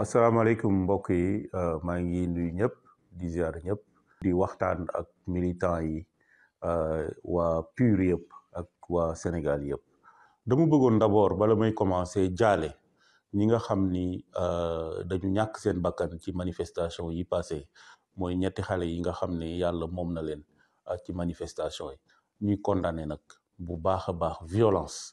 asalaamaaleykum mbokk yi euh, maa ngi nuyu ñëpp di ziar ñëpp di waxtaan ak militants yi euh, waa PUR yëpp ak waa Sénégal yëpp dama bëggoon d'abord bala may commencer jaale ñi nga xam ni euh, dañu ñàkk seen bakkan ci manifestation yi passé mooy ñetti xale yi nga xam ne yàlla moom na leen ci manifestation yi ñuy condamné nag bu baax a baax violence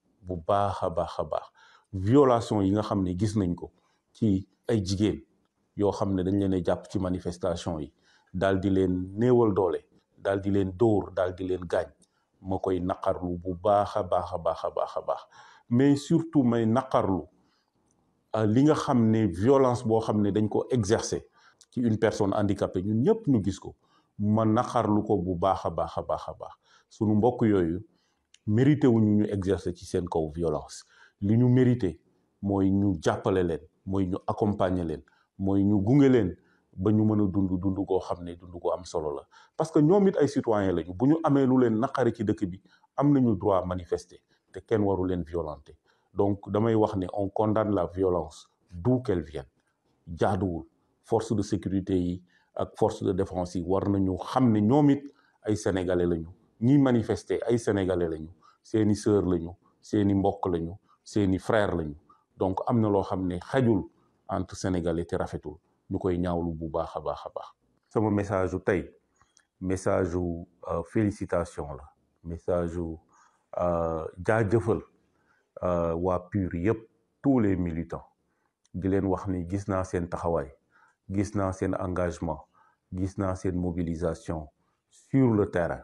bu baax a baax violation yi nga xam ne gis nañ ko ci ay jigéen yoo xam ne dañ leen a jàpp ci manifestation yi daal di leen néewal doole daal di leen dóor daal di leen gaañ ma koy naqarlu bu baax a baax a baax mais surtout may naqarlu li nga xam ne violence boo xam ne dañ ko exercer ci une personne handicapée ñun ñëpp ñu gis ko ma naqarlu ko bu baax a baax baax sunu mbokk yooyu mérité ou ñu exercer ci seen kaw violence li ñu mérité mooy ñu jàppale leen mooy ñu accompagner leen mooy ñu gunge leen ba ñu manu dundu dund dund koo dundu dund ko am solo la parce que ñoom it ay citoyens lañu bu ñu amee lu leen naqari ci dëkk bi am nañu droit manifester de kenn waru leen violenter donc damay wax ne on condamne la violence d'où qu'elle vienne jaaduwul force de sécurité yi ak force de défense yi war nañu xam ne ay sénégalais lañu ñiy manifester ay sénégalais lañu seeni sœur lañu seeni mbokk lañu seeni frère lañu donc amna lo xamné xajul entre sénégalais té rafetul ñu koy ñaawlu bu baax a baax sama message u tey message u euh, félicitation la message u euh, jaajëfal euh, wa PUR yëpp tous les militants di leen wax ni gis naa seen taxawaay gis naa seen engagement gis naa seen mobilisation sur le terrain.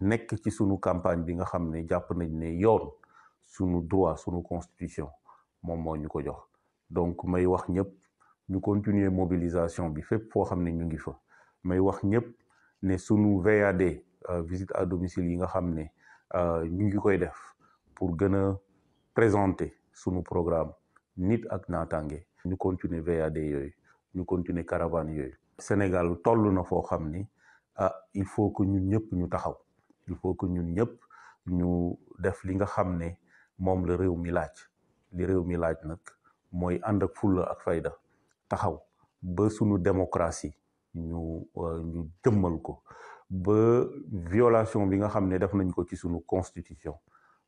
nek ci sunu campagne bi nga xamné ne nañ ne yoon sunu droit sunu constitution moom moo ñu ko jox donc may wax ñep ñu continuer mobilisation bi fepp fo xamné ñu ngi fa may wax ñep né sunu VAD euh, visite à domicile yi nga xamné ne euh, ñu ngi koy def pour gëna présenter sunu programme nit ak natangé ñu continuer VAD yoy ñu continuer caravane yoy Sénégal tollu na fo xamné ni ah il faut que ñun ñep ñu taxaw il faut que ñun ñëpp ñu def li nga xam ne moom la réew mi laaj li réew mi laaj nag mooy ànd ak fulla ak fayda taxaw ba sunu démocratie ñu euh, ñu jëmmal ko ba violation bi nga xam ne def nañ ko ci sunu constitution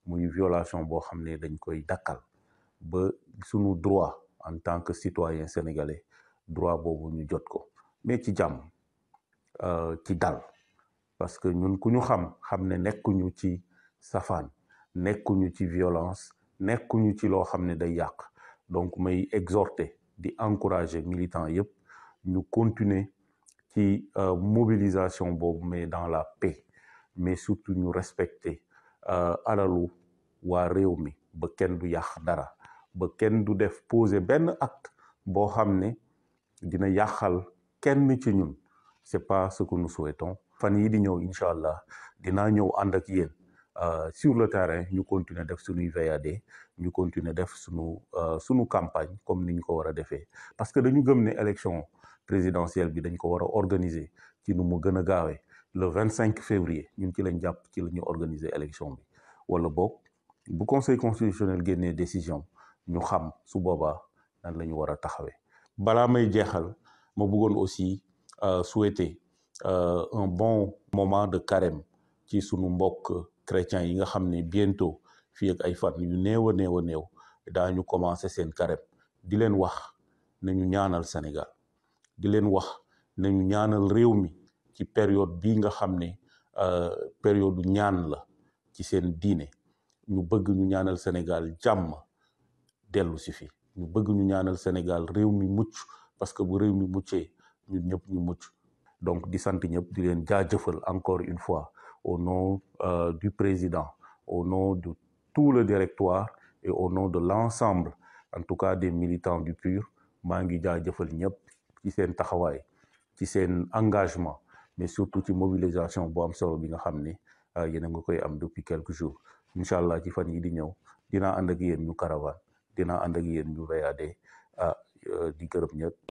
muy violation boo xam ne dañ koy dakkal ba sunu droit en tant que citoyen sénégalais droit boobu ñu jot ko mais ci jàmm euh, ci dal parce que ñun ku ñu xam xam ne nekkuñu ci safaan nekkuñu ci violence nekkuñu ci lo xam ne day donc may exhorter di encourager militants yep, ñu continuer ci euh, mobilisation bobu mais dans la paix mais surtout ñu respecter euh, alalu waa réew mi ba kenn du yaq dara ba kenn du def poser ben acte bo xam ne dina yàqal kenn ci ñun c'est pas ce que nous souhaitons fan yii di ñëw inshallah dina ñëw ànd ak euh, sur le terrain ñu continuer def suñu VAD ñu continuer def suñu euh, suñu campagne comme nous ko wara défé parce que dañu gëm né élection présidentielle bi dañ ko wara a organiser ci nu mu gëna le 25 février ñun ci lañ japp ci lañu organiser élection bi wala bok bu conseil constitutionnel génnee décision ñu xam su boobaa nan lañu wara taxawé bala may jéxal ma bëggoon aussi euh, souhaiter euh, un bon moment de carême ci sunu mbokk chrétien yi nga xam ne bientôt fii ak ay fan yu néew a néew a néew daañu commencé seen carême di leen wax nañu ñaanal Sénégal di leen wax nañu ñaanal réew mi ci période bii nga xam ne euh, période ñaan la ci seen diine ñu bëgg ñu ñaanal Sénégal jàmm dellu si fi ñu bëgg ñu ñaanal Sénégal réew mi mucc parce que bu réew mi muccee ñun ñëpp ñu mucc donc di sant ñëpp di encore une fois au nom euh, du président au nom de tout le directoire et au nom de l'ensemble en tout cas des militants du PUR Mangi ngi jaajëfal ñëpp ci sen taxaway, ci engagement mais surtout ci mobilisation bu am solo bi nga xamni euh, yene nga koy am depuis quelques jours Inshallah, ci fan yi di ñëw dina and ak yéen ñu caravane Dina and ak yéen ñu VAD ah euh, di gërëm